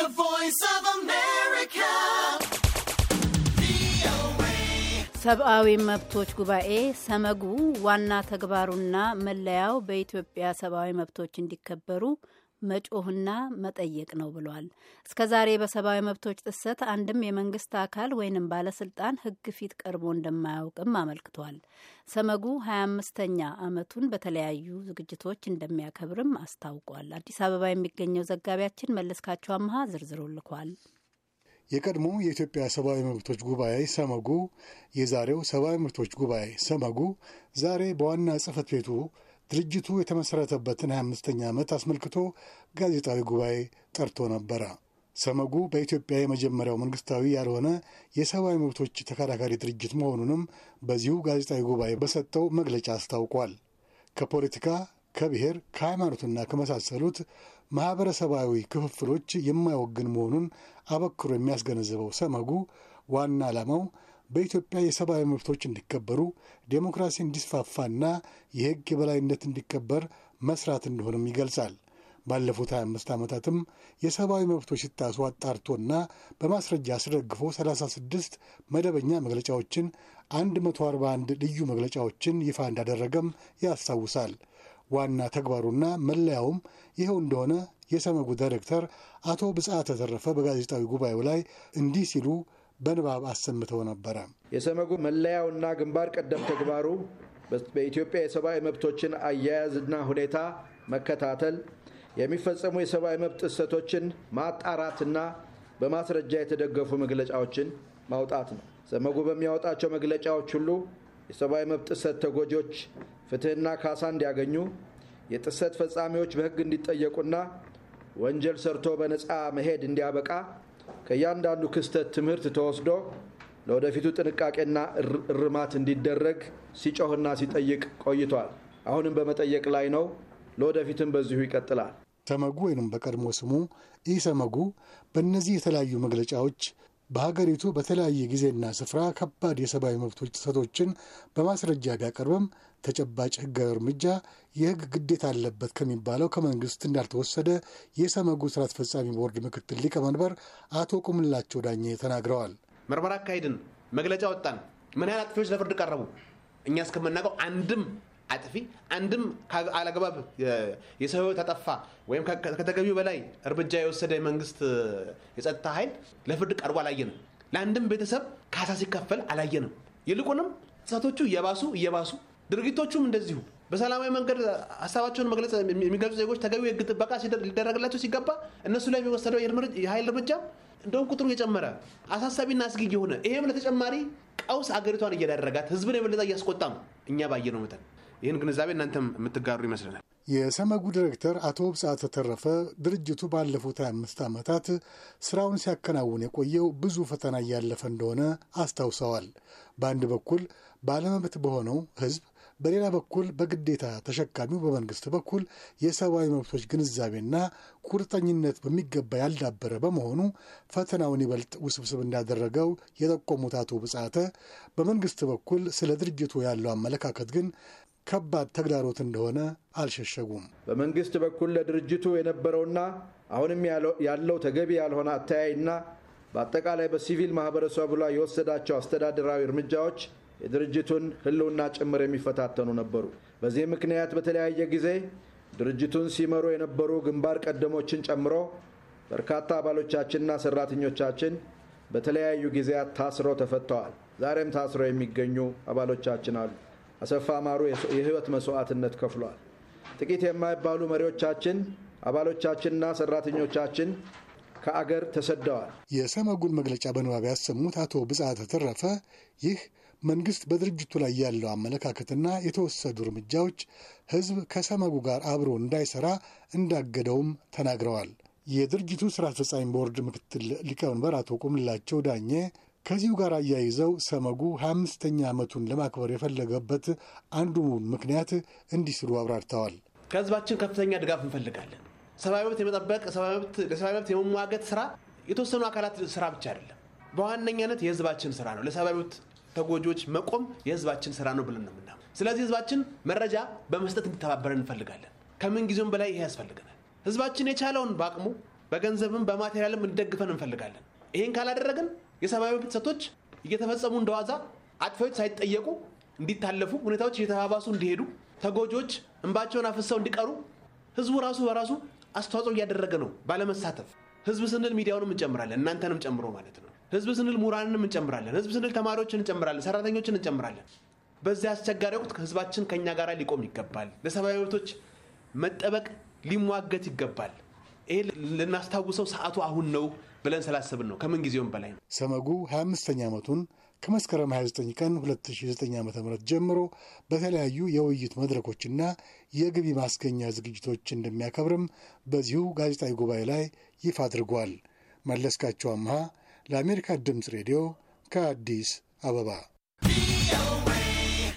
The Voice of America. ሰብአዊ መብቶች ጉባኤ ሰመጉ ዋና ተግባሩና መለያው በኢትዮጵያ ሰብአዊ መብቶች እንዲከበሩ መጮህና መጠየቅ ነው ብሏል። እስከ ዛሬ በሰብአዊ መብቶች ጥሰት አንድም የመንግስት አካል ወይንም ባለስልጣን ህግ ፊት ቀርቦ እንደማያውቅም አመልክቷል። ሰመጉ 25ኛ ዓመቱን በተለያዩ ዝግጅቶች እንደሚያከብርም አስታውቋል። አዲስ አበባ የሚገኘው ዘጋቢያችን መለስካቸው አምሃ ዝርዝሩ ልኳል። የቀድሞ የኢትዮጵያ ሰብአዊ መብቶች ጉባኤ ሰመጉ፣ የዛሬው ሰብአዊ መብቶች ጉባኤ ሰመጉ ዛሬ በዋና ጽህፈት ቤቱ ድርጅቱ የተመሠረተበትን 25ኛ ዓመት አስመልክቶ ጋዜጣዊ ጉባኤ ጠርቶ ነበረ። ሰመጉ በኢትዮጵያ የመጀመሪያው መንግስታዊ ያልሆነ የሰብአዊ መብቶች ተከራካሪ ድርጅት መሆኑንም በዚሁ ጋዜጣዊ ጉባኤ በሰጠው መግለጫ አስታውቋል። ከፖለቲካ ከብሔር፣ ከሃይማኖትና ከመሳሰሉት ማኅበረሰባዊ ክፍፍሎች የማይወግን መሆኑን አበክሮ የሚያስገነዝበው ሰመጉ ዋና ዓላማው በኢትዮጵያ የሰብአዊ መብቶች እንዲከበሩ ዴሞክራሲ እንዲስፋፋና የሕግ የበላይነት እንዲከበር መስራት እንደሆነም ይገልጻል። ባለፉት 25 ዓመታትም የሰብአዊ መብቶች ሲጣሱ አጣርቶና በማስረጃ አስደግፎ 36 መደበኛ መግለጫዎችን፣ 141 ልዩ መግለጫዎችን ይፋ እንዳደረገም ያስታውሳል። ዋና ተግባሩና መለያውም ይኸው እንደሆነ የሰመጉ ዳይሬክተር አቶ ብጻ ተተረፈ በጋዜጣዊ ጉባኤው ላይ እንዲህ ሲሉ በንባብ አሰምተው ነበረ። የሰመጉ መለያውና ግንባር ቀደም ተግባሩ በኢትዮጵያ የሰብአዊ መብቶችን አያያዝና ሁኔታ መከታተል፣ የሚፈጸሙ የሰብአዊ መብት ጥሰቶችን ማጣራትና በማስረጃ የተደገፉ መግለጫዎችን ማውጣት ነው። ሰመጉ በሚያወጣቸው መግለጫዎች ሁሉ የሰብአዊ መብት ጥሰት ተጎጂዎች ፍትህና ካሳ እንዲያገኙ፣ የጥሰት ፈጻሚዎች በሕግ እንዲጠየቁና ወንጀል ሰርቶ በነፃ መሄድ እንዲያበቃ ከእያንዳንዱ ክስተት ትምህርት ተወስዶ ለወደፊቱ ጥንቃቄና እርማት እንዲደረግ ሲጮህና ሲጠይቅ ቆይቷል። አሁንም በመጠየቅ ላይ ነው። ለወደፊትም በዚሁ ይቀጥላል። ተመጉ ወይንም በቀድሞ ስሙ ኢሰመጉ በእነዚህ የተለያዩ መግለጫዎች በሀገሪቱ በተለያየ ጊዜና ስፍራ ከባድ የሰብአዊ መብቶች ጥሰቶችን በማስረጃ ቢያቀርብም ተጨባጭ ህጋዊ እርምጃ የህግ ግዴታ አለበት ከሚባለው ከመንግስት እንዳልተወሰደ የሰመጉ ስራ አስፈጻሚ ቦርድ ምክትል ሊቀመንበር አቶ ቁምላቸው ዳኘ ተናግረዋል። ምርመራ አካሄድን፣ መግለጫ ወጣን፣ ምን ያህል አጥፊዎች ለፍርድ ቀረቡ፣ እኛ እስከምናውቀው አንድም አጥፊ አንድም አላግባብ የሰው ሕይወት ወይም ከተገቢው በላይ እርምጃ የወሰደ መንግስት የጸጥታ ኃይል ለፍርድ ቀርቦ አላየንም። ለአንድም ቤተሰብ ካሳ ሲከፈል አላየንም። ይልቁንም ጥሰቶቹ እየባሱ እየባሱ ድርጊቶቹም እንደዚሁ በሰላማዊ መንገድ ሀሳባቸውን መግለጽ የሚገልጹ ዜጎች ተገቢ የህግ ጥበቃ ሊደረግላቸው ሲገባ እነሱ ላይ የሚወሰደው የኃይል እርምጃ እንደውም ቁጥሩ እየጨመረ አሳሳቢና አስጊ የሆነ ይሄም ለተጨማሪ ቀውስ አገሪቷን እየዳረጋት ህዝብን የበለጠ እያስቆጣም እኛ ባየነው መጠን ይህን ግንዛቤ እናንተም የምትጋሩ ይመስለናል። የሰመጉ ዲሬክተር አቶ ብጻተ ተረፈ ድርጅቱ ባለፉት 25 ዓመታት ስራውን ሲያከናውን የቆየው ብዙ ፈተና እያለፈ እንደሆነ አስታውሰዋል። በአንድ በኩል ባለመብት በሆነው ህዝብ፣ በሌላ በኩል በግዴታ ተሸካሚው በመንግስት በኩል የሰብአዊ መብቶች ግንዛቤና ቁርጠኝነት በሚገባ ያልዳበረ በመሆኑ ፈተናውን ይበልጥ ውስብስብ እንዳደረገው የጠቆሙት አቶ ብጻተ በመንግስት በኩል ስለ ድርጅቱ ያለው አመለካከት ግን ከባድ ተግዳሮት እንደሆነ አልሸሸጉም። በመንግስት በኩል ለድርጅቱ የነበረውና አሁንም ያለው ተገቢ ያልሆነ አተያይና በአጠቃላይ በሲቪል ማህበረሰቡ ላይ የወሰዳቸው አስተዳደራዊ እርምጃዎች የድርጅቱን ሕልውና ጭምር የሚፈታተኑ ነበሩ። በዚህ ምክንያት በተለያየ ጊዜ ድርጅቱን ሲመሩ የነበሩ ግንባር ቀደሞችን ጨምሮ በርካታ አባሎቻችንና ሰራተኞቻችን በተለያዩ ጊዜያት ታስረው ተፈተዋል። ዛሬም ታስረው የሚገኙ አባሎቻችን አሉ። አሰፋ ማሩ የህይወት መስዋዕትነት ከፍሏል። ጥቂት የማይባሉ መሪዎቻችን፣ አባሎቻችንና ሰራተኞቻችን ከአገር ተሰደዋል። የሰመጉን መግለጫ በንባብ ያሰሙት አቶ ብጻ ተተረፈ ይህ መንግስት በድርጅቱ ላይ ያለው አመለካከትና የተወሰዱ እርምጃዎች ህዝብ ከሰመጉ ጋር አብሮ እንዳይሰራ እንዳገደውም ተናግረዋል። የድርጅቱ ስራ አስፈጻሚ ቦርድ ምክትል ሊቀመንበር አቶ ቁምላቸው ዳኜ ከዚሁ ጋር አያይዘው ሰመጉ ሃያ አምስተኛ ዓመቱን ለማክበር የፈለገበት አንዱ ምክንያት እንዲህ ሲሉ አብራርተዋል። ከህዝባችን ከፍተኛ ድጋፍ እንፈልጋለን። ሰብአዊ መብት የመጠበቅ ለሰብአዊ መብት የመሟገት ስራ የተወሰኑ አካላት ስራ ብቻ አይደለም፣ በዋነኛነት የህዝባችን ስራ ነው። ለሰብአዊ መብት ተጎጆች መቆም የህዝባችን ስራ ነው ብለን ነው ስለዚህ ህዝባችን መረጃ በመስጠት እንዲተባበረን እንፈልጋለን። ከምን ጊዜውም በላይ ይሄ ያስፈልገናል። ህዝባችን የቻለውን በአቅሙ በገንዘብም በማቴሪያልም እንዲደግፈን እንፈልጋለን። ይህን ካላደረግን የሰብአዊ መብት ጥሰቶች እየተፈጸሙ እንደዋዛ አጥፊዎች ሳይጠየቁ እንዲታለፉ ሁኔታዎች እየተባባሱ እንዲሄዱ ተጎጆች እንባቸውን አፍሰው እንዲቀሩ ህዝቡ ራሱ በራሱ አስተዋጽኦ እያደረገ ነው ባለመሳተፍ። ህዝብ ስንል ሚዲያውንም እንጨምራለን፣ እናንተንም ጨምሮ ማለት ነው። ህዝብ ስንል ምሁራንንም እንጨምራለን። ህዝብ ስንል ተማሪዎችን እንጨምራለን፣ ሰራተኞችን እንጨምራለን። በዚህ አስቸጋሪ ወቅት ህዝባችን ከእኛ ጋር ሊቆም ይገባል። ለሰብአዊ መብቶች መጠበቅ ሊሟገት ይገባል። ይሄ ልናስታውሰው ሰዓቱ አሁን ነው ብለን ስላሰብን ነው። ከምን ጊዜውም በላይ ነው። ሰመጉ 25ኛ ዓመቱን ከመስከረም 29 ቀን 2009 ዓ ም ጀምሮ በተለያዩ የውይይት መድረኮችና የግቢ ማስገኛ ዝግጅቶች እንደሚያከብርም በዚሁ ጋዜጣዊ ጉባኤ ላይ ይፋ አድርጓል። መለስካቸው አምሃ ለአሜሪካ ድምፅ ሬዲዮ ከአዲስ አበባ